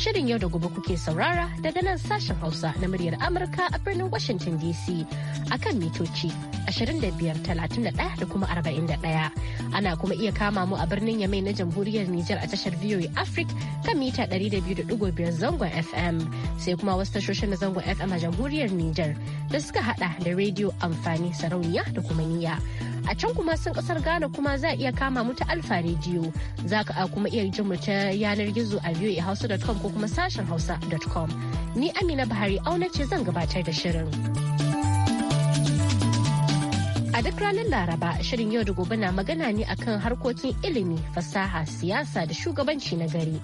Shirin yau da gobe kuke saurara daga nan sashen Hausa na muryar Amurka a birnin Washington DC akan mitoci 25,31 da kuma 41. Ana kuma iya kama mu a birnin Yamai na Jamhuriyar Nijar a tashar VOA Africa kan mita 200.5 zangon FM sai kuma wasu tashoshin na zangon FM a Jamhuriyar Nijar da suka hada da rediyo amfani sarauniya da kuma niyya. a can kuma sun kasar Ghana kuma za a iya kama mu ta Alfa Radio za ka kuma iya jin mu ta yanar gizo a voahausa.com ko kuma sashen hausa.com ni Amina Bahari auna ce zan gabatar da shirin. A duk ranar Laraba shirin yau da gobe na magana ne akan harkokin ilimi, fasaha, siyasa da shugabanci na gari.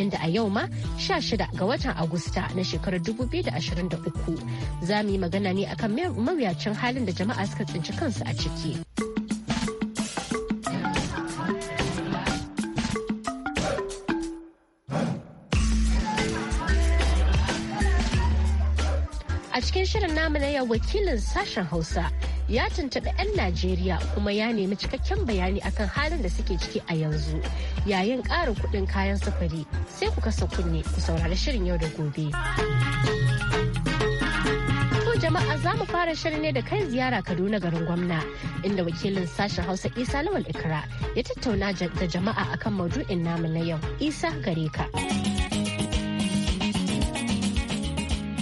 Inda a yau ma 16 ga watan Agusta na shekarar 2023 za mu yi magana ne akan mawuyacin halin da jama'a suka tsinci kansu a ciki. shirin namu na yau wakilin sashen Hausa ya tuntuɓi 'yan Najeriya kuma ya nemi cikakken bayani akan halin da suke ciki a yanzu yayin ƙarin kuɗin kayan sufuri sai ku kasa kunne ku saurari shirin yau da gobe. jama'a za mu fara shirin ne da kai ziyara Kaduna garin gwamna inda wakilin sashen Hausa Isa Lawal Ikra ya tattauna da jama'a akan maudu'in namu na yau. Isa gare ka.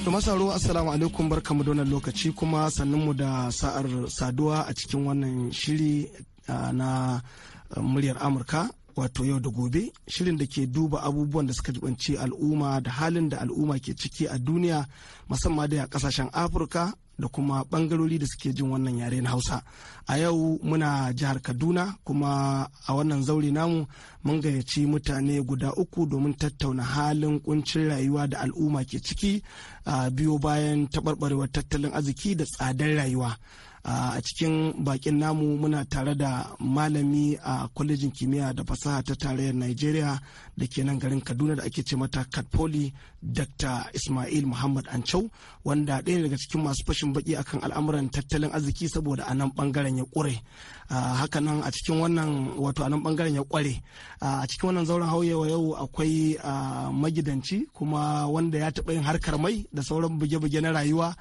To masaro assalamu alaikum barkamu da wannan lokaci kuma sannunmu da sa'ar saduwa a cikin wannan shiri na muryar Amurka wato yau da gobe shirin da ke duba abubuwan da suka jibanci al'umma da halin da al'umma ke ciki a duniya musamman da ya kasashen Afirka da kuma bangarori da suke jin wannan yare na hausa a yau muna jihar kaduna kuma a wannan zaure namu mun gayyaci mutane guda uku domin tattauna halin kuncin rayuwa da al'umma ke ciki a biyo bayan taɓarɓarewar tattalin arziki da tsadar rayuwa a cikin bakin namu muna tare da malami a kwalejin kimiyya da fasaha ta tarayyar nigeria da ke nan garin kaduna da ake ce mata katpoli Dr. Ismail Muhammad Ancau wanda ɗaya daga cikin masu fashin baki akan al'amuran tattalin arziki saboda a nan bangaren ya ƙure. nan a cikin wannan wato a nan bangaren ya ƙware. A cikin wannan zauren hauyewa yau akwai magidanci kuma wanda ya taɓa yin harkar mai da sauran buge-buge na rayuwa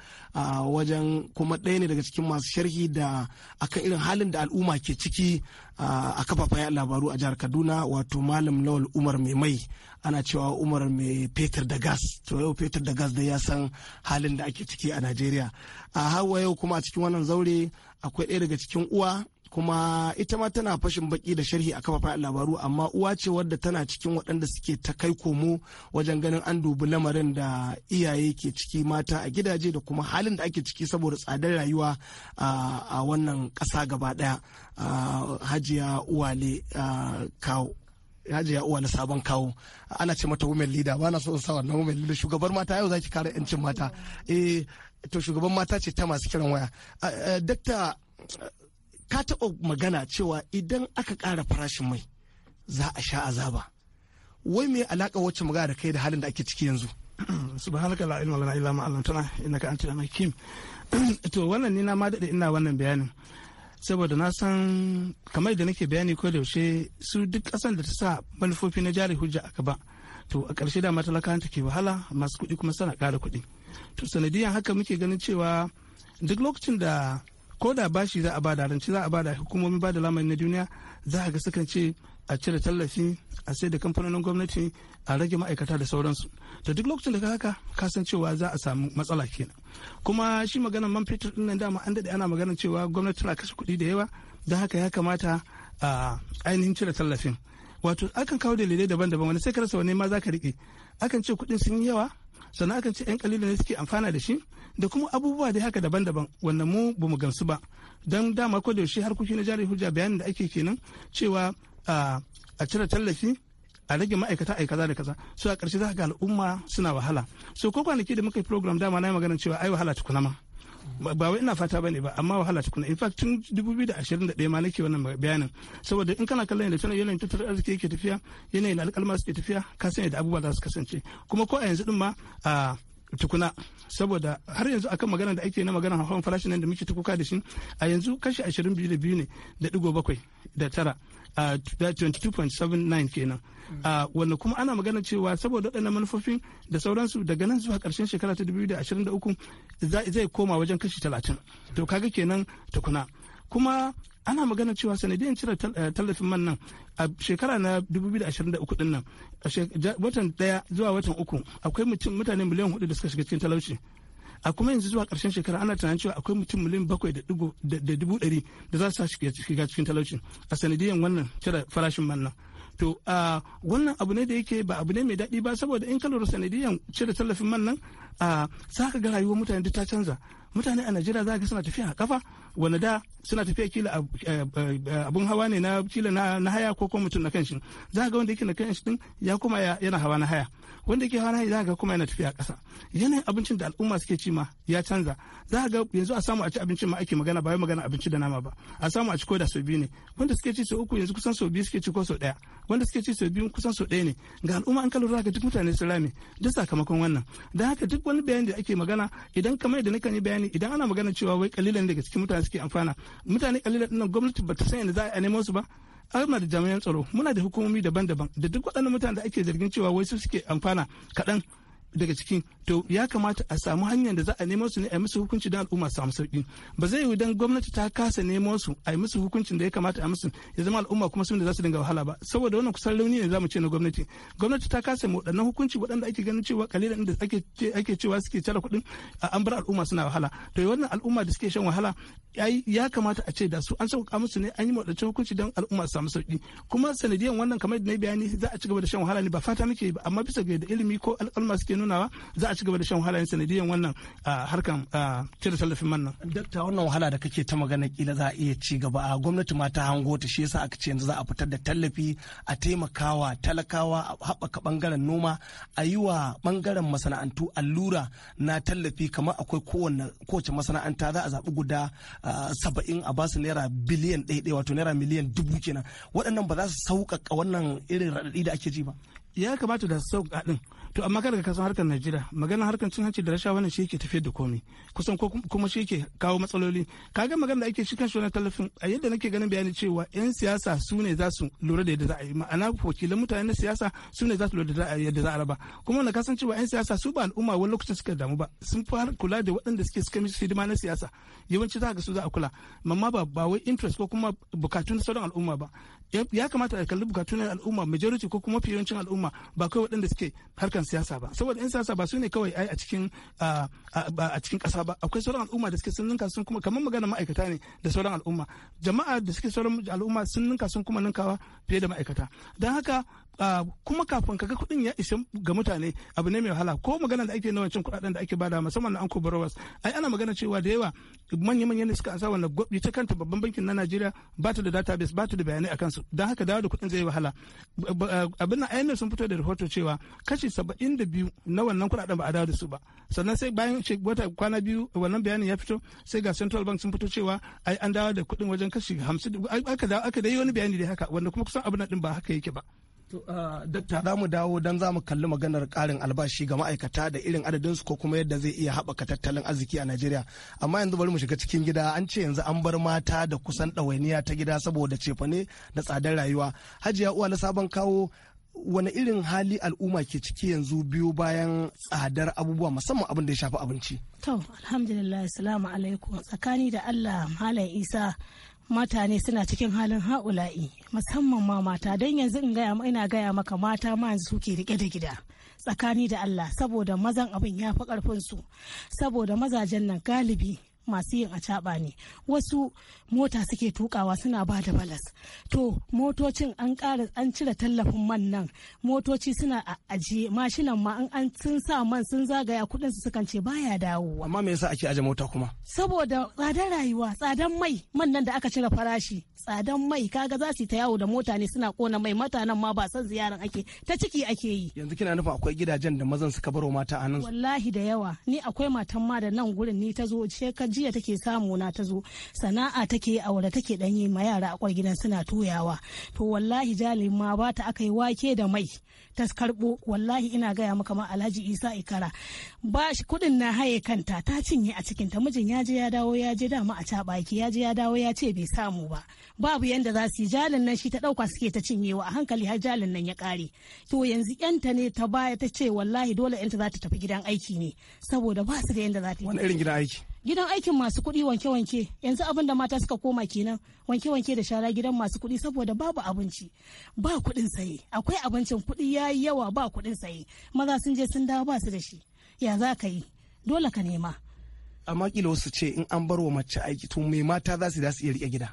wajen kuma ɗaya ne daga cikin masu sharhi da akan irin halin da al'umma ke ciki a kafafen labaru a jihar kaduna wato malam lawal umar mai mai ana cewa umar mai fetur da gas to yau fetur da gas da ya san halin da ake ciki a najeriya a hawa yau kuma a cikin wannan zaure akwai ɗaya daga cikin uwa kuma ita ma tana fashin baki da sharhi a kafafen labaru amma uwa ce wadda tana cikin waɗanda suke ta kai komo wajen ganin an dubi lamarin da iyaye ke ciki mata a gidaje da kuma halin da ake ciki saboda tsadar rayuwa a wannan ƙasa gaba ɗaya hajiya uwale kawo hajiya uwa na sabon kawo ana ce mata women leader ba na so sawa sa wannan women leader shugabar mata yau zaki kare yancin mata eh to shugaban mata ce ta masu kiran waya eh, dakta ka taɓa magana cewa idan aka ƙara farashin mai za a sha azaba wai me alaƙa wacce magana da kai da halin da ake ciki yanzu subhanaka la ilma lana illa ma 'allamtana innaka antal hakim to wannan ni na ma dade ina wannan bayanin saboda na san kamar da nake bayani ko da yaushe su duk ƙasan da ta sa manufofi na jari hujja aka ba to a ƙarshe da ta take wahala masu kuɗi kuma suna ƙara kuɗi to sanadiyan haka muke ganin cewa duk lokacin da ko da bashi za a bada ranci za a bada hukumomin bada lamari na duniya za a ga sukan ce a cire tallafi a sai da kamfanonin gwamnati a rage ma'aikata da sauransu to duk lokacin da haka ka san cewa za a samu matsala kenan kuma shi maganar man fetur din nan dama an daɗe ana maganar cewa gwamnati tana kashe kuɗi da yawa don haka ya kamata a ainihin cire tallafin wato akan kawo dalilai daban-daban wani sai ka rasa wani ma za ka riƙe akan ce kuɗin sun yi yawa sannan akan ce 'yan kalilin ne suke amfana da shi da kuma abubuwa dai haka daban-daban wanda mu bamu gamsu ba don dama ko da har harkoki na jari hujja bayanin da ake kenan cewa a cire tallafi a rage ma'aikata a kaza da kaza so a ƙarshe za ga al'umma suna wahala so ko kwanaki da muka yi program dama na yi magana cewa ai wahala tukuna ma ba wai ina fata bane ba amma wahala tukuna in fact tun 2021 ma nake wannan bayanin saboda in kana kallon yadda yanayin tattalin arziki yake tafiya yanayin alƙalma suke tafiya ka sanya da abubuwa za su kasance kuma ko a yanzu din ma a tukuna saboda har yanzu akan magana da ake na magana hawan farashin nan da muke tukuka da shi a yanzu kashi 22 ne da digo bakwai da tara a 22.79 kenan a wanda kuma ana magana cewa saboda waɗannan manufofin da sauransu daga nan zuwa ƙarshen shekara ta 2023 zai koma wajen kashi 30 to kaga kenan tukuna kuma ana magana cewa sanadiyar cire eh, tallafin man nan a shekara na 2023 din nan watan daya zuwa watan uku akwai mutum mutane miliyan hudu da suka shiga cikin talauci a kuma yanzu zuwa karshen shekara ana tunanin cewa akwai mutum miliyan bakwai da dubu dari da za su shiga cikin talauci a sanadiyan wannan cire farashin man nan to a wannan abu ne da yake ba abu ne mai daɗi ba saboda in kalar sanadiyan cire tallafin man nan a za ka ga rayuwar mutane duk ta canza mutane a najeriya za ka suna tafiya a kafa wani da suna tafiya kila eh, eh, eh, abun hawa ne na kila na haya ko kuma mutum na kanshi za ka ga wanda yake na kanshi din ya kuma yana hawa na haya wanda ke hana za ga kuma yana tafiya ƙasa yanayin abincin da al'umma suke ci ma ya canza za ga yanzu a samu a ci abincin ma ake magana ba magana abinci da nama ba a samu a ci koda sau biyu ne wanda suke ci sau uku yanzu kusan sau biyu suke ci ko sau ɗaya wanda suke ci sau biyu kusan sau ɗaya ne ga al'umma an kalura ga duk mutane su rame duk sakamakon wannan da haka duk wani bayani da ake magana idan kamar yadda nakan yi bayani idan ana magana cewa wai kalilan daga cikin mutane suke amfana mutane kalilan ɗin gwamnati ba ta san yadda za a nemo su ba da jami'an tsaro muna da hukumomi daban-daban da duk waɗannan mutane da ake zargin cewa wai su suke amfana kaɗan daga cikin to ya kamata a samu hanyar da za a nemo su ne a yi musu hukunci don al'umma samu sauki ba zai yi dan gwamnati ta kasa nemo su a yi musu hukuncin da ya kamata a musu ya zama al'umma kuma sun da za su dinga wahala ba saboda wannan kusan rauni ne za mu ce na gwamnati gwamnati ta kasa mu waɗannan hukunci waɗanda ake ganin cewa kalilan da ake cewa suke cire kuɗin an bar al'umma suna wahala to wannan al'umma da suke shan wahala ya kamata a ce da su an sauka musu ne an yi maɗace hukunci don al'umma su samu sauki kuma sanadiyan wannan kamar da na bayani za a ci gaba da shan wahala ne ba fata muke ba amma bisa ga ilimi ko al'umma suke nunawa za a ci gaba da shan wahala sanadiyan wannan harkan cire tallafin man nan. Dakta wannan wahala da kake ta magana kila za a iya ci gaba a gwamnati ma ta hango ta shi yasa aka ce yanzu za a fitar da tallafi a taimakawa talakawa a haɓaka ɓangaren noma a yi wa ɓangaren masana'antu allura na tallafi kamar akwai kowanne kowace masana'anta za a zaɓi guda saba'in a basu naira biliyan ɗaya wato naira miliyan dubu kenan waɗannan ba za su sauƙaƙa wannan irin raɗaɗi da ake ji ba. ya kamata da sauƙa din to amma kada ka san harkar najeriya magana harkar cin hanci da rashawa wannan shi yake tafiyar da komai kusan ko kuma shi yake kawo matsaloli kaga magana da ake kan shi talafin a yadda nake ganin bayani cewa yan siyasa su ne za su lura da yadda za a yi ma'ana wakilan mutane na siyasa su ne za su lura da yadda za a raba kuma na kasan cewa yan siyasa su ba al'umma wani lokacin suka damu ba sun fara kula da waɗanda suke suka mishi hidima na siyasa yawanci za ka su za a kula amma ba ba wai interest ko kuma bukatun sauran al'umma ba ya kamata a kalli bukatun al'umma majority ko kuma fiyancin al'umma al'umma ba kawai waɗanda suke harkan siyasa ba saboda 'yan siyasa ba su ne kawai ai a cikin a cikin ƙasa ba akwai sauran al'umma da suke sun ninka sun kuma kamar magana ma'aikata ne da sauran al'umma jama'a da suke sauran al'umma sun ninka sun kuma ninkawa fiye da ma'aikata don haka Ah, kuma kafin ka ga kuɗin ya isa ga mutane abu ne mai wahala ko magana da ake nawancin kudaden da ake bada musamman na anko borowas ai ana magana cewa da yawa manya manya ne suka asa wannan gwabni ta kanta babban bankin na Najeriya ba ta da database ba ta da bayanai akan su Dan haka dawo da kuɗin zai yi wahala abin nan ayyana sun fito da rahoto cewa kashi 72 da biyu na wannan kudaden ba a dawo da su ba sannan sai bayan wata kwana biyu wannan bayanin ya fito sai ga Central Bank sun fito cewa ai an dawo da kuɗin wajen kashi hamsin aka dawo aka dai wani bayani dai haka wanda kuma kusan abin nan ba haka yake ba. Uh, Dokta za mu dawo don za mu kalli maganar karin albashi ga ma'aikata da irin su ko kuma yadda zai iya haɓaka tattalin arziki a Najeriya. Amma yanzu bari mu shiga cikin gida an ce yanzu an bar mata da kusan ɗawainiya ta gida saboda cefane da tsadar rayuwa. Hajiya uwa na sabon kawo wani irin hali al'umma ke ciki yanzu biyu bayan tsadar abubuwa musamman abin da ya shafi abinci. To, alhamdulillah, salamu alaikum. Tsakani da Allah, Malam Isa, mutane suna cikin halin ha'ula'i musamman ma mata don yanzu in gaya ina gaya maka mata ma yanzu suke rike da gida tsakani da Allah saboda mazan abin ya fi karfin su saboda mazajen nan galibi masu yin acaɓa ne wasu mota suke tukawa suna ba da balas to motocin an ƙara an cire tallafin man nan motoci suna a ajiye mashinan ma an sun sa man sun zagaya kuɗin su sukan ce baya dawo. amma me yasa ake aje mota kuma saboda tsadar rayuwa tsadan mai man nan da aka cire farashi tsadan mai kaga za su ta yawo da mota ne suna kona mai mutanen ma ba son ziyaran ake ta ciki ake yi yanzu kina nufa akwai gidajen da mazan suka baro mata a nan wallahi da yawa ni akwai matan ma da nan gurin ni ta zo shekar ka jiya take samu na ta zo sana'a take aure take danye ma yara a gidan suna tuyawa to wallahi jalin ma ba ta aka yi wake da mai ta karbo wallahi ina gaya maka ma Alhaji Isa Ikara ba shi kudin na haye kanta ta cinye a cikin ta mijin ya je ya dawo ya je dama a cabaki ya je ya dawo ya ce bai samu ba babu yanda za su yi jalin nan shi ta dauka suke ta cinyewa a hankali har jalin nan ya kare to yanzu yanta ne ta baya ta ce wallahi dole yanta za ta tafi gidan aiki ne saboda ba su da yanda za ta yi wani irin gidan aiki gidan aikin masu kuɗi wanke-wanke yanzu abin da mata suka koma kenan wanke-wanke da shara gidan masu kuɗi saboda babu abinci ba kuɗin saye akwai abincin kuɗi ya yi yawa ba kuɗin saye maza sun je sun dawo ba su da shi ya za ka yi dole ka nema amma kila wasu ce in an bar wa mace aiki to me mata za su iya rike gida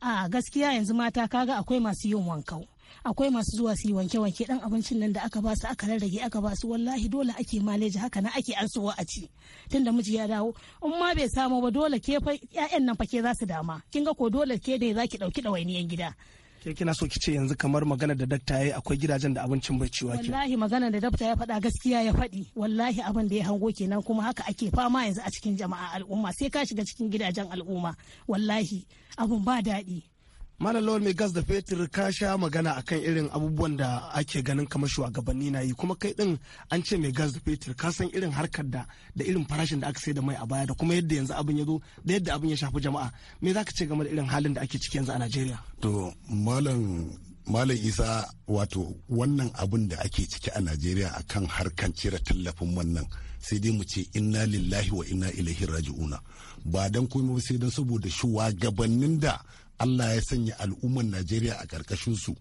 a gaskiya yanzu mata kaga akwai masu yin wankau akwai masu zuwa su yi wanke-wanke dan abincin nan da aka ba su aka rarrage aka ba su wallahi dole ake maleji haka na ake an suwa a ci tunda miji ya dawo in ma bai samu ba dole ke fa ƴaƴan nan fa ke za su dama kin ga ko dole ke dai zaki dauki ɗawainiyan gida ke kina so ce yanzu kamar magana da dakta yayi akwai gidajen da abincin bai ciwa ke wallahi magana da dakta ya fada gaskiya ya faɗi wallahi abin da ya hango kenan kuma haka ake fama yanzu a cikin jama'a al'umma sai ka shiga cikin gidajen al'umma wallahi abun ba daɗi malam lawal mai gas da fetur ka sha magana akan irin abubuwan da ake ganin kamar shugabanni na yi kuma kai din an ce mai gas da fetur ka san irin harkar da da irin farashin da aka sai da mai a baya da kuma yadda yanzu abin ya zo da yadda abin ya shafi jama'a me zaka ce game da irin halin da ake ciki yanzu a Najeriya to malam Malam Isa wato wannan abin da ake ciki a Najeriya a kan harkan cire tallafin wannan sai dai mu ce inna lillahi wa inna ilaihi raji'una ba dan komai sai dan saboda shugabannin da Allah ya sanya al'ummar Najeriya a ƙarƙashin su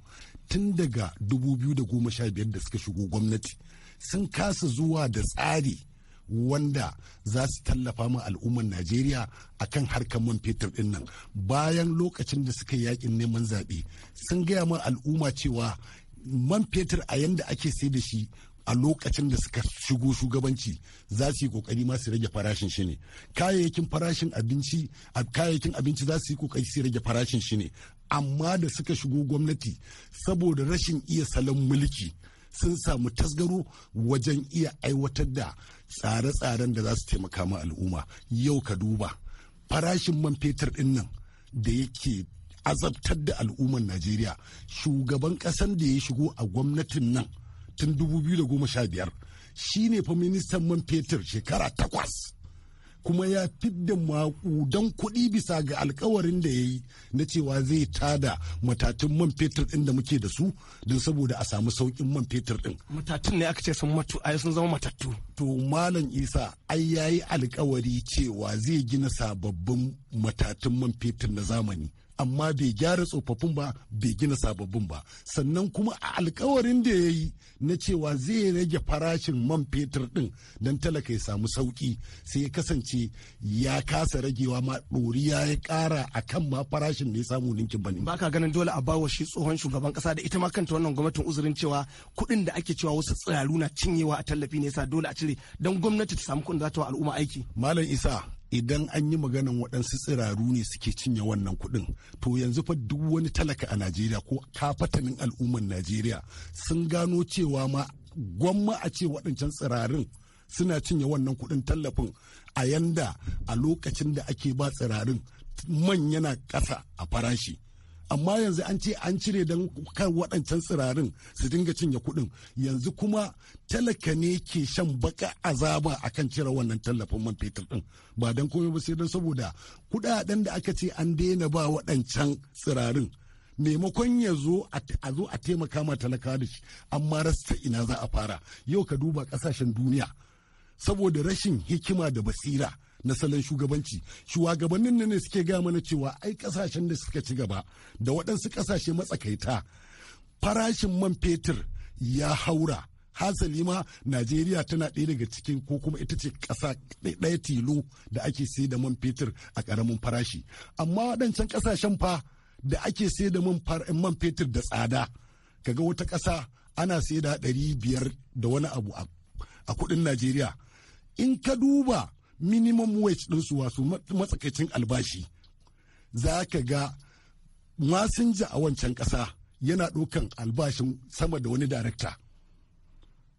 tun daga 2015 da suka shigo gwamnati sun kasa zuwa da tsari wanda za su tallafa ma al'ummar Najeriya a kan harkar man fetur ɗin nan bayan lokacin da suka yakin neman zaɓe sun gaya ma al'umma cewa man fetur a yanda ake sai da shi a lokacin da suka shigo shugabanci za su yi kokari ma su rage farashin shi ne kayayyakin farashin abinci a kayayyakin abinci za su yi kokari su rage farashin shi ne amma da suka shigo gwamnati saboda rashin iya salon mulki sun samu tasgaro wajen iya aiwatar da tsare-tsaren da za su taimaka ma al'umma yau ka duba farashin man fetur din nan da yake azabtar da al'ummar najeriya shugaban ƙasan da ya shigo a gwamnatin nan tun 2015 shi ne fa ministan man fetur shekara takwas kuma ya fidda makudan kuɗi bisa ga alkawarin da ya yi na cewa zai tada matatun man fetur ɗin da muke da su don saboda a samu sauƙin man fetur ɗin. matatun ne aka ce sun matu a sun zama matattu. to malam isa ai ya yi alkawari cewa zai gina sababbin matatun man fetur na zamani amma bai gyara tsofaffin ba bai gina sababbin ba sannan kuma a alkawarin da ya yi na cewa zai rage farashin man fetur din don talaka ya samu sauki sai ya kasance ya kasa ragewa ma ɗoriya ya ƙara a kan ma farashin da ya samu ninkin bane ba ka ganin dole a bawa shi tsohon shugaban kasa da ita ma kanta wannan gwamnatin uzurin cewa kuɗin da ake cewa wasu tsiraru na cinyewa a tallafi ne yasa dole a cire don gwamnati ta samu kuɗin za ta wa al'umma aiki malam isa idan an yi maganan waɗansu tsiraru ne suke cinye wannan kuɗin to yanzu fa duk wani talaka a najeriya ko kafatanin al'ummar najeriya sun gano cewa ma gwamma a ce waɗancan tsirarin suna cinye wannan kuɗin tallafin a yanda a lokacin da ake ba tsirarin man yana ƙasa a farashi amma yanzu an ce an cire don kan waɗancan tsirarin su dinga cinye kuɗin yanzu kuma talaka ne ke shan baka azaba a kan cire wannan tallafin man fetur ɗin ba don komai ba sai don saboda kuɗaɗen da aka ce an daina ba waɗancan tsirarin maimakon ya zo a zo a taimaka ma talaka da shi amma rasta ina za a fara yau ka duba ƙasashen duniya saboda rashin hikima da basira na salon shugabanci shugabannin nan ne suke gaya mana cewa ai kasashen da suka ci gaba da waɗansu kasashe matsakaita farashin man fetur ya haura hasali ma najeriya tana ɗaya daga cikin ko kuma ita ce ƙasa ɗaya tilo da ake sai da man fetur a ƙaramin farashi amma waɗancan ƙasashen fa da ake sai da man fetur da tsada kaga wata ƙasa ana sai da ɗari biyar da wani abu a kuɗin najeriya in ka duba minimum wage su wasu matsakaicin albashi za ka ga masinja a wancan ƙasa yana ɗaukan albashin sama da wani darakta.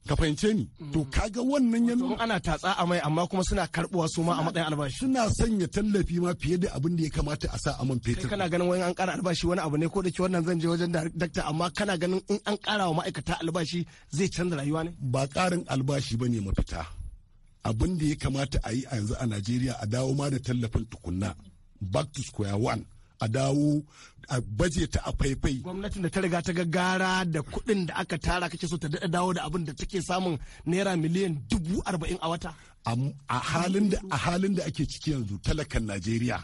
ka fahimce ni to mm. kaga wannan yanzu ana tatsa a mai amma kuma suna karbuwa su ma a matsayin albashi suna sanya tallafi ma fiye da abin da ya kamata a sa a man fetur kana ganin wani an kara albashi wani abu ne ko da ke wannan zan je wajen dakta amma kana ganin in an kara wa ma'aikata albashi zai canza rayuwa ne ba karin albashi bane mafita abin da ya kamata a yi a yanzu a najeriya a dawo ma da tallafin tukunna back to square one a dawo a baje ta a faifai. Gwamnatin da ta riga ta gaggara da kuɗin da aka tara kake so ta daɗa dawo da abin da take samun naira miliyan dubu arba'in a wata. A halin da a halin da ake ciki yanzu talakan Najeriya.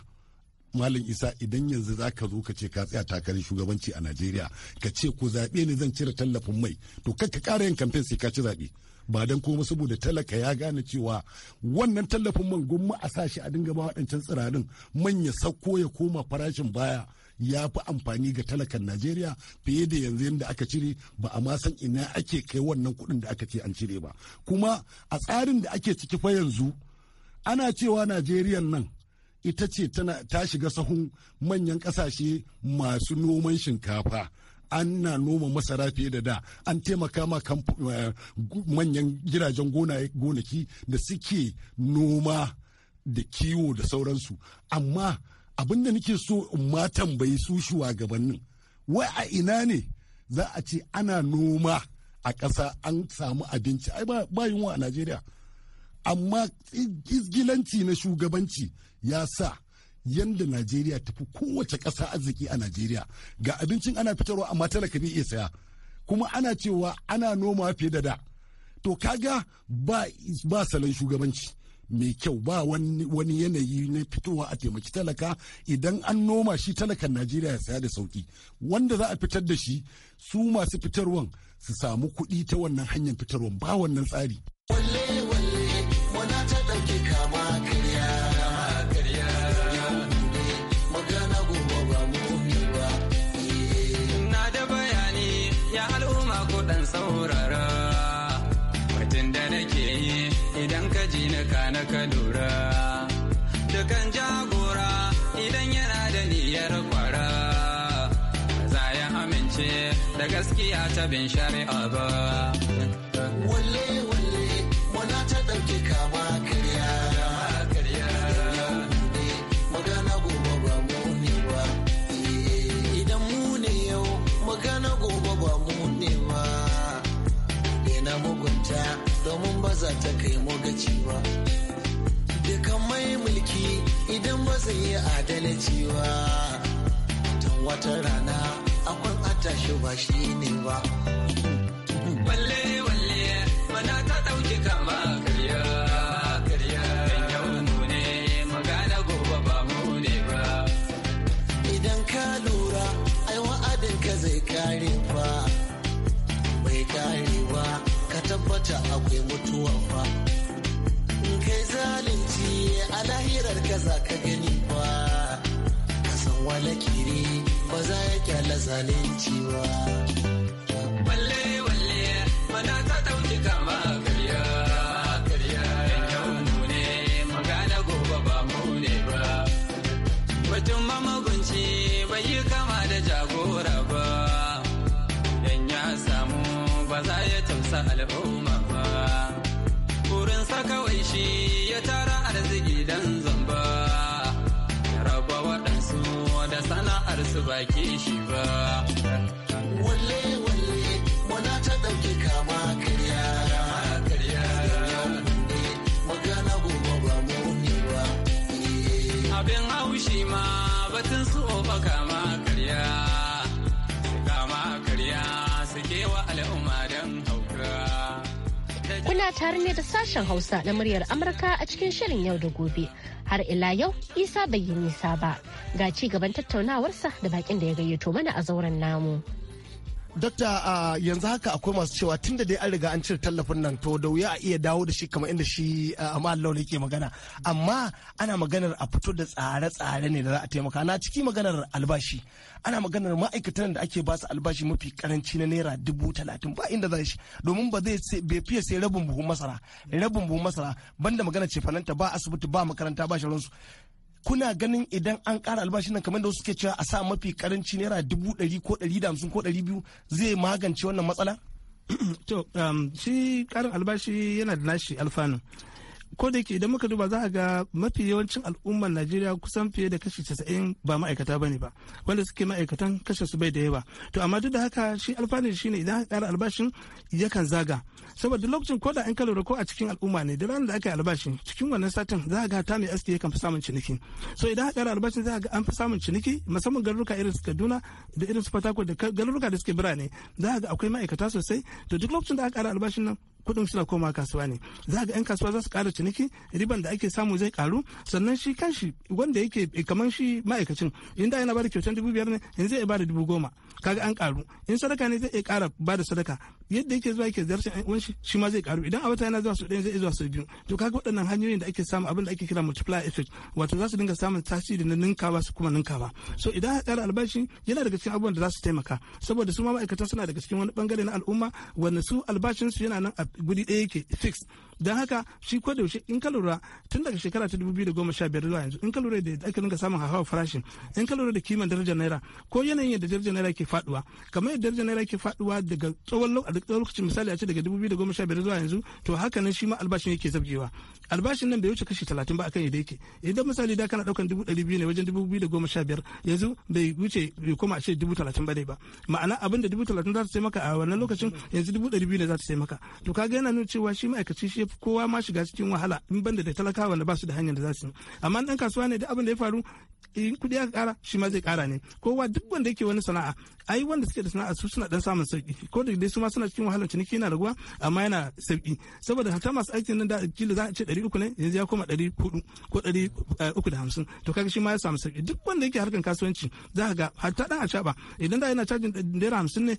Malam Isa idan yanzu za ka zo ka ce ka tsaya takarar shugabanci a Najeriya ka ce ko zaɓe ne zan cire tallafin mai to kar ka ƙara yin kamfen sai ka ci zaɓe. ba don kuma saboda talaka ya gane cewa wannan tallafin man gumma a sa shi a dinga ba waɗancan tsirarin manya sauko ya koma farashin baya ya fi amfani ga talakan Najeriya fiye da yanzu yadda aka cire ba a ma san ina ake kai wannan kuɗin da aka ce an cire ba kuma a tsarin da ake ciki fa yanzu ana cewa Najeriya nan ita ce ta shiga sahun manyan ƙasashe masu noman shinkafa an na noma masara fiye da da an taimaka ma eh, manyan gidajen gonaki da suke noma da kiwo da sauransu amma abin da nake so in ma tambayi su shugabannin wai a ina ne za a ce ana noma a ƙasa an samu abinci ai ba yunwa a najeriya amma izgilanci na shugabanci ya sa yanda najeriya tafi kowace ƙasa arziki a najeriya ga abincin ana fitarwa amma talaka bai iya saya kuma ana cewa ana noma fiye da da to kaga ba ba salon shugabanci mai kyau ba wani yanayi na fitowa a taimaki talaka idan an noma shi talakan najeriya ya saya da sauki wanda za a fitar da shi su masu fitarwan su samu kuɗi ta wannan hanyar fitarwan ba wannan tsari. Walle walle wana ta kama tafiya ta bin shari'a ba. Walle walle wana ta ɗauke kama karya. Magana gobe ba mu ne ba. Idan mu ne yau magana gobe ba mu ne ba. Ina mugunta domin ba za ta kai mu gaci ba. Dukan mai mulki idan ba zai yi adalci ba. Tun wata rana akwai ta shi ba shi ne ba. Walle walle mana ta ɗauki kama karya karya. Yau ne magana gobe ba mu ne ba. Idan ka lura ai wa'adin ka zai kare fa. Bai kare ba ka tabbata akwai mutuwa fa. Kai zalunci a lahirar ka za ka gani ba. Ka san wala kiri ba ya kyala zalunci ba. Walle walle mana ta ɗauki kama karya karya yau mu ne magana gobe ba mu ne ba. Mutum ma mugunci bai yi kama da jagora ba. Dan ya samu ba za ya tausa al'umma ba. Burinsa kawai shi ya tara arziki dan zama. baki shi ba kuna tare ne da sashen Hausa na muryar Amurka a cikin shirin yau da gobe. Har ila yau Isa bai yi nisa ba. Ga ci gaban tattaunawarsa da bakin da ya gayyato mana a zauren namu. Dokta yanzu haka akwai masu cewa tun da dai an riga an cire tallafin nan to da wuya a iya dawo da shi kamar inda shi a Allah ke magana. Amma ana maganar a fito da tsare-tsare ne da za a taimaka na ciki maganar albashi. Ana maganar ma'aikatan da ake su albashi mafi karanci na naira dubu talatin ba inda za shi domin ba zai bai fiye sai rabin buhu masara rabin buhu masara banda magana ce fananta ba asibiti ba makaranta ba su. kuna ganin idan an ƙara albashin nan kamar da wasu suke cewa a sa mafi karanci naira dubu ɗari ko ɗari da hamsin ko ɗari biyu zai magance wannan matsala? to um, shi ƙarin albashi yana da nashi alfanu ko da yake idan muka duba za a ga mafi yawancin al'ummar najeriya kusan fiye da kashi casa'in ba ma'aikata ba ne ba wanda suke ma'aikatan kashe su bai da yawa to amma duk da haka shi alfanu shine idan kara albashin yakan zaga saboda lokacin koda in ka lura ko a cikin al'umma ne da ranar da aka yi albashi cikin wannan satin za a ga ta mai aski yakan fi samun ciniki so idan aka yi albashin za a ga an fi samun ciniki musamman garuruka irin su Kaduna da irin su Fatako da garuruka da suke birane za ga akwai ma'aikata sosai to duk lokacin da aka ƙara albashin nan kudin suna koma kasuwa ne za ga 'yan kasuwa za su kara ciniki riban da ake samu zai karu sannan shi kanshi wanda yake eh, kamar shi ma'aikacin in da yana bada kyautar dubu biyar ne yanzu zai bada dubu goma kaga an karu in sadaka ne zai iya kara bada sadaka yadda yake zuwa yake ziyarci wani shi shi ma zai karu idan a wata yana zuwa sau ɗaya zai zuwa sau biyu to kaga waɗannan hanyoyin da ake samu abin da ake kira multiply effect wato za su dinga samun tasiri na ninkawa su kuma ninkawa so idan aka ƙara albashi yana daga cikin abubuwan da za su taimaka saboda su ma ma'aikatan suna daga cikin wani bangare na al'umma wanda su albashinsu yana nan a guri ɗaya yake fix don haka shi ko da yaushe in ka lura tun daga shekara ta 2015 zuwa yanzu in ka lura da ake rinka samun hawa farashin in ka lura da kiman darajar naira ko yanayin yadda darajar naira ke faduwa kamar yadda darajar naira ke faduwa daga tsawon lokacin misali a ce daga 2015 zuwa yanzu to haka nan shi ma albashin yake zabgewa albashin nan bai wuce kashi 30 ba akan yadda yake idan misali da kana daukan 200 ne wajen 2015 yanzu bai wuce bai koma a ce 30 ba dai ba ma'ana abin da 30 za ta taimaka a wannan lokacin yanzu 200 ne za ta taimaka to kaga yana nuna cewa shi ma'aikaci shi kowa ma shiga cikin wahala in banda da talakawa da ba su da hanyar da za su amma dan kasuwa ne da abin da ya faru in kudi aka kara shi ma zai kara ne kowa duk wanda yake wani sana'a ai wanda suke da sana'a su suna dan samun sauki ko da dai su ma suna cikin wahalar ciniki yana raguwa amma yana sauki saboda hata masu aikin nan da kila za a ce 300 uku ne yanzu ya koma 400 ko 350 eh, uku da hamsin to kaga shi ma ya samu sauki duk wanda yake harkan kasuwanci za ka ga dan a acaɓa idan da yana cajin naira hamsin ne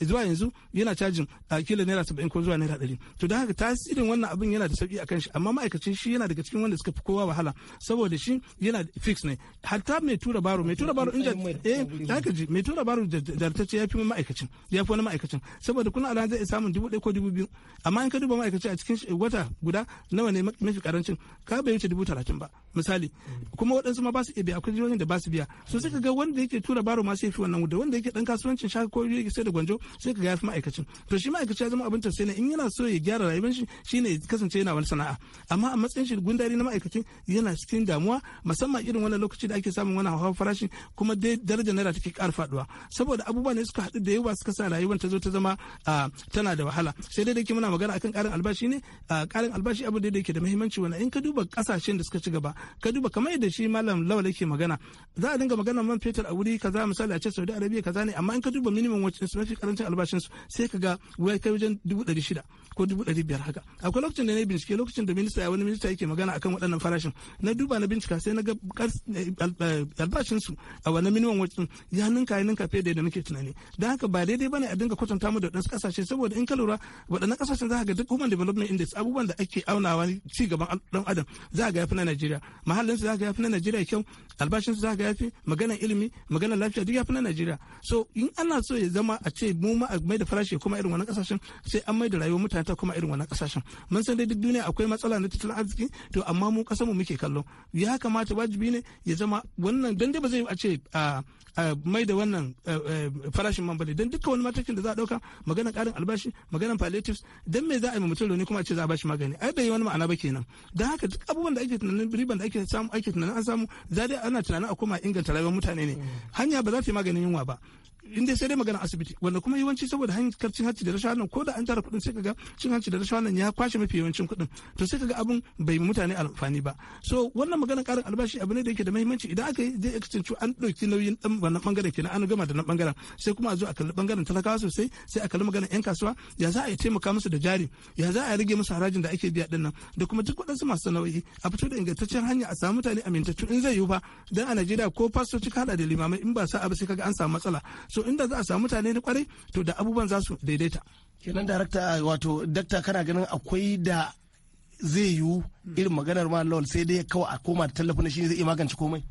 zuwa yanzu yana cajin kila naira saba'in ko zuwa naira 100 to da haka tasirin wannan abin yana da sauki a kan shi amma ma'aikacin shi yana daga cikin wanda suka fi kowa wahala saboda shi yana fix ne hatta mai tura baro mai tura baro inda eh zaka ji mai tura baro da jartacce ya fi ma'aikacin ya fi wani ma'aikacin saboda kuna alhaji zai samun dubu ɗaya ko dubu biyu amma in ka duba ma'aikaci a cikin wata guda nawa ne mafi karancin ka bai wuce dubu talatin ba misali kuma waɗansu ma ba su iya biya akwai jihohin da ba su biya so sai ka ga wanda yake tura baro ma sai fi wannan da wanda yake dan kasuwancin shaka ko yake sai da gwanjo sai ka ga yafi ma'aikacin to shi ma'aikaci ya zama abin tausayi ne in yana so ya gyara rayuwar shi shine kasance yana wani sana'a amma a matsayin shi gundari na ma'aikacin yana cikin damuwa musamman irin wannan lokaci da ake samun wani hawa farashi kuma dai darajar naira take ƙara faduwa saboda abubuwa ne suka haɗu da yawa suka sa rayuwar ta zo ta zama tana da wahala sai dai dake muna magana akan ƙarin albashi ne ƙarin albashi abu da yake da muhimmanci wani in ka duba ƙasashen da suka ci gaba ka duba kamar yadda shi malam lawal yake magana za a dinga magana man fetur a wuri kaza misali a ce saudi arabia kaza ne amma in ka duba minimum wacce su mafi karancin albashin su sai ka ga wai kai wajen dubu ɗari shida ko dubu ɗari biyar haka akwai lokacin da na bincike lokacin da minista ya wani minista yake magana akan waɗannan farashin na duba na bincika sai na ga albashinsu a wani minimum wajen ya ninka ya ninka fiye da yadda muke tunani don haka ba daidai bane a dinga kwatanta mu da wadansu kasashe saboda in ka lura waɗannan kasashen za ka ga duk human development index abubuwan da ake aunawa ci gaban dan adam za ga yafi na Najeriya mahallinsu za ga yafi na Najeriya kyau albashinsu za ga yafi magana ilimi maganar lafiya duk yafi na Najeriya so in ana so ya zama a ce mu ma a mai da farashi kuma irin wannan kasashen sai an mai da rayuwar mutane ta kuma irin wannan kasashen mun san dai duk duniya akwai matsala na tattalin arziki to amma mu mu muke kallo ya kamata wajibi ne ya zama wannan don dai ba zai a ce a mai da wannan farashin man bane don duka wani matakin da za a dauka maganar karin albashi maganar palliatives don me za a yi mutum rauni kuma a ce za a bashi magani ai bai wani ma'ana ba kenan don haka duk abubuwan da ake tunanin riban da ake samu ake tunanin an samu za ana tunanin a koma inganta rayuwar mutane ne mm. hanya ba za ta yi maganin yunwa ba in dai sai dai magana asibiti wanda kuma yawanci saboda hanyar cin hanci da rashawa nan ko da an tara kuɗin sai kaga cin hanci da rashawa nan ya kwashe mafi yawancin kuɗin to sai kaga abin bai mutane alfani ba so wannan magana karin albashi abu ne da yake da muhimmanci idan aka yi zai exchange an ɗauki nauyin ɗan wannan bangaren kenan an gama da nan bangaren sai kuma a zo a kalli bangaren talakawa sosai sai a kalli maganar yan kasuwa ya za a yi taimaka musu da jari ya za a rage musu harajin da ake biya din nan da kuma duk waɗansu masu sana'o'i a fito da ingantaccen hanya a samu mutane amintattu in zai yiwu ba dan a Najeriya ko fasoci hada da limamai in ba sa abu sai kaga an samu matsala so inda za a samu mutane na kwarai to da abubuwan za su daidaita kenan darakta wato dakta kana ganin akwai da zai yiwu irin maganar ma lol sai dai kawai a koma da tallafin shi zai iya magance komai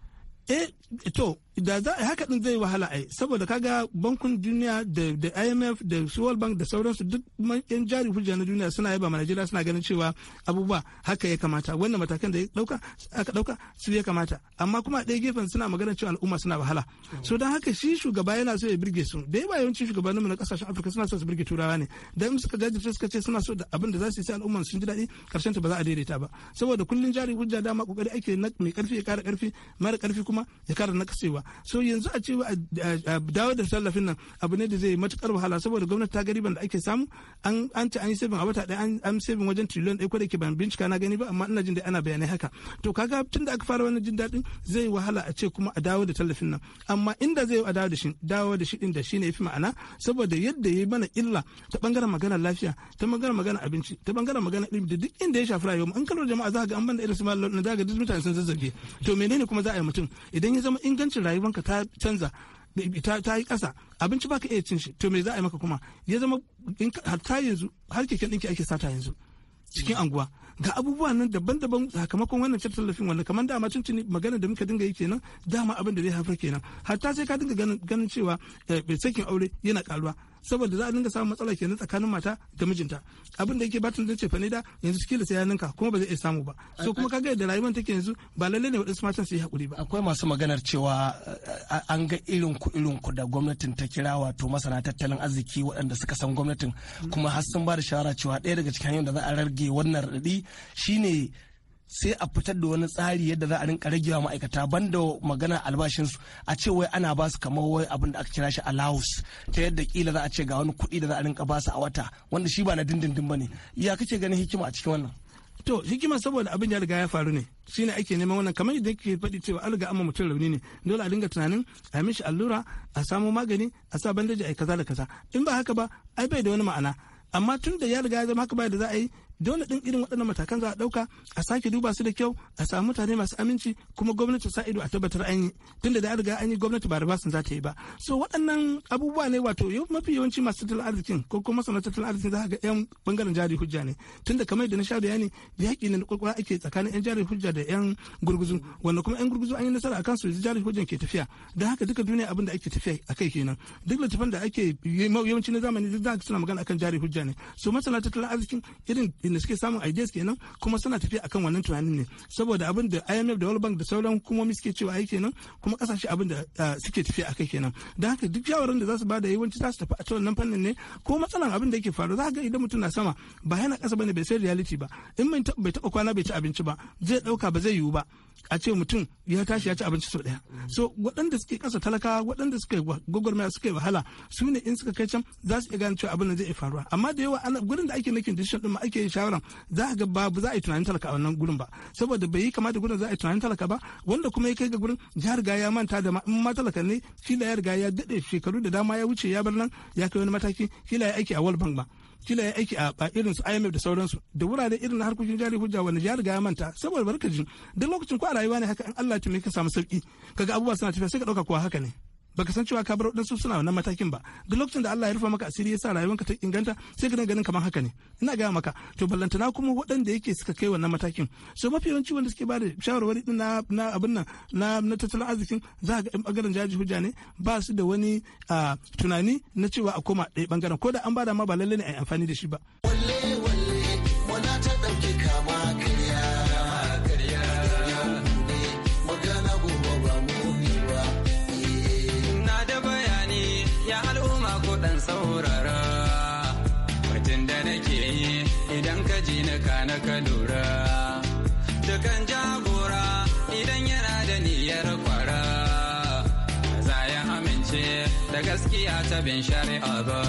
eh to da za a haka din zai wahala ai saboda kaga bankun duniya da IMF da World Bank da sauransu duk yan jari hujja na duniya suna yaba ma Najeriya suna ganin cewa abubuwa haka ya kamata wannan matakan da dauka aka dauka su ya kamata amma kuma ɗaya gefen suna magana cewa al'umma suna wahala so don haka shi shugaba yana so ya birge su da yawa yawancin shugabannin mu na kasashen Afirka suna so su birge turawa ne dan suka jajirce suka ce suna so da abin da za su yi sai al'umma sun ji daɗi karshen ta ba za a daidaita ba saboda kullun jari hujja dama kokari ake mai karfi ya kara karfi mara karfi kuma ya kara nakasewa so yanzu a ce a dawo da tallafin nan abu ne da zai matukar wahala saboda gwamnati ta gariban da ake samu an ce ci an yi saving a wata ɗaya an saving wajen trillion ɗaya ko da ke ban bincika na gani ba amma ina jin da ana bayanai haka to kaga tun da aka fara wannan jin daɗin zai wahala a ce kuma a dawo da tallafin nan amma inda zai a dawo da shi dawo da shi ɗin da shi ne fi ma'ana saboda yadda ya yi mana illa ta ɓangaren maganar lafiya ta ɓangaren maganar abinci ta ɓangaren maganar ɗin da duk inda ya shafi rayuwa an kalmar jama'a za ka ga an banda irin su malam na za ga duk mutane sun zazzage to menene kuma za a yi mutum idan ya zama ingancin rayuwa rayuwanka ta canza ta yi kasa abinci baka iya cin shi to me za a yi maka kuma ya zama hatta yanzu har keken ɗinki ake sata yanzu cikin anguwa ga abubuwa nan daban-daban sakamakon wannan cin tallafin wannan kamar dama cin cini magana da muka dinga yi kenan dama abin da zai haifar kenan hatta sai ka dinga ganin cewa eh, sakin aure yana karuwa saboda za a dinga samun matsala nan tsakanin mata da mijinta abin da yake batun da ce da yanzu kila sai ya ninka kuma ba zai iya samu ba so kuma kaga da rayuwar take yanzu ba lalle ne waɗansu matan su yi hakuri ba akwai masu maganar cewa an ga irin ku irin ku da gwamnatin ta kira wato masana tattalin arziki waɗanda suka san gwamnatin kuma har sun ba da shawara cewa ɗaya daga cikin hanyoyin da za a rage wannan raɗaɗi shine sai a fitar da wani tsari yadda za a rinka ragewa ma'aikata da magana albashinsu a ce wai ana ba su kamar wai abin da aka kira shi allowance ta yadda kila za a ce ga wani kuɗi da za a rinka ba su a wata wanda shi ba na dindindin ba ne ya kake ganin hikima a cikin wannan to hikima saboda abin ya riga ya faru ne shi ne ake neman wannan kamar yadda ke faɗi cewa an riga amma mutum rauni ne dole a dinga tunanin a mishi allura a samo magani a sa bandaji a yi kaza da kaza in ba haka ba ai bai da wani ma'ana amma tun da ya riga ya zama haka ba da za a yi dole ɗin irin waɗannan matakan za a ɗauka a sake duba su da kyau a samu mutane masu aminci kuma gwamnati sa ido a tabbatar an yi tunda da riga an yi gwamnati ba ribasin za ta yi ba so waɗannan abubuwa ne wato mafi yawanci masu tattalin arzikin ko kuma masana tattalin arzikin za a ga yan bangaren jari hujja ne tunda kamar yadda na sha bayani yaƙi ne na kwakwara ake tsakanin yan jari hujja da yan gurguzu wanda kuma yan gurguzu an yi nasara kansu su jari hujjan ke tafiya don haka duka duniya abin da ake tafiya a kai kenan duk littafin da ake yawanci na zamani duk za suna magana akan jari hujja ne so masana tattalin arzikin irin inda suke samun ideas kenan kuma suna tafiya akan wannan tunanin ne saboda abin da IMF da World Bank da sauran hukumomi suke cewa ai kenan kuma kasashe abin da ah, suke tafiya akai kenan dan haka duk jawarin da za su bada yawanci za su tafi a cikin wannan fannin ne ko matsalan abin da yake faru za ga idan mutum na sama ba yana kasa bane bai sai reality ba in bai taba kwana bai ci abinci ba zai dauka ba zai yiwu ba a ce mutum ya tashi ya ci abinci sau daya so waɗanda suke kasa talaka waɗanda suke gwagwarmaya suke wahala su ne in suka kai can za su iya gane cewa abin da zai faruwa amma da yawa gurin da ake making decision din ma ake shawara za ga ba za a yi tunanin talaka a wannan gurin ba saboda bai yi kama da gurin za a yi tunanin talaka ba wanda kuma ya kai ga gurin ya riga ya manta da in ma talaka ne kila ya riga ya daɗe shekaru da dama ya wuce ya bar nan ya kai wani mataki kila ya aiki a world bank ba kila ya aiki a irin su IMF da sauransu da wurare irin harkokin jari hujja wanda ya riga ya manta saboda barkaji duk lokacin ko a rayuwa ne haka in Allah ya ka samu sauki kaga abubuwa suna tafiya sai ka dauka kuwa haka ne baka san cewa ka bar wadansu suna nan matakin ba duk lokacin da Allah ya rufa maka asiri ya sa rayuwarka ta inganta sai ka ganin kamar haka ne ina gaya maka to ballantana kuma waɗanda yake suka kai wannan matakin so mafi yawanci wanda suke bada shawarwari din na na abin nan na na tattalin arzikin za ga bangaren jaji hujja ne ba su da wani tunani na cewa a koma ɗaya bangaren ko da an bada ma ba lalle ne a amfani da shi ba Wale wale wala ta ɗauke kama da ka lura dukan jagora idan yana da niyyar kwara za ya amince da gaskiya ta bin shari'a ba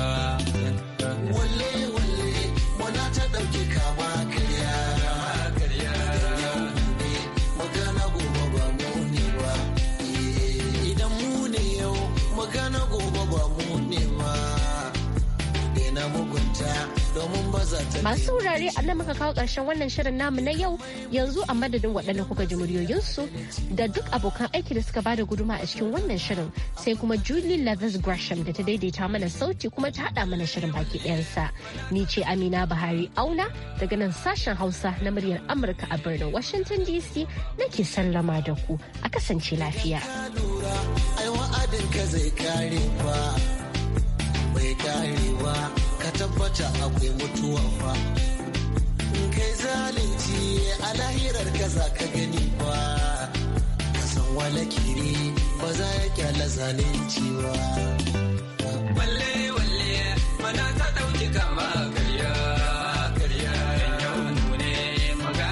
Masu wurare a nan muka kawo ƙarshen wannan shirin namu na yau yanzu a madadin waɗanda kuka ji muryoyinsu da duk abokan aiki da suka bada guduma a cikin wannan shirin sai kuma Julie Leathers Gresham da ta daidaita mana sauti kuma ta haɗa mana shirin baki ɗayansa. Ni ce Amina Bahari Auna daga nan sashen Hausa na muryar Amurka a birnin Washington DC nake sallama da ku a kasance lafiya. Ai ka tabbata akwai mutuwa fa kai zalunci a lahirar ka za ka gani ba ka san wala kiri ba za ya kyala zalunci ba balle walle mana ta dauki kama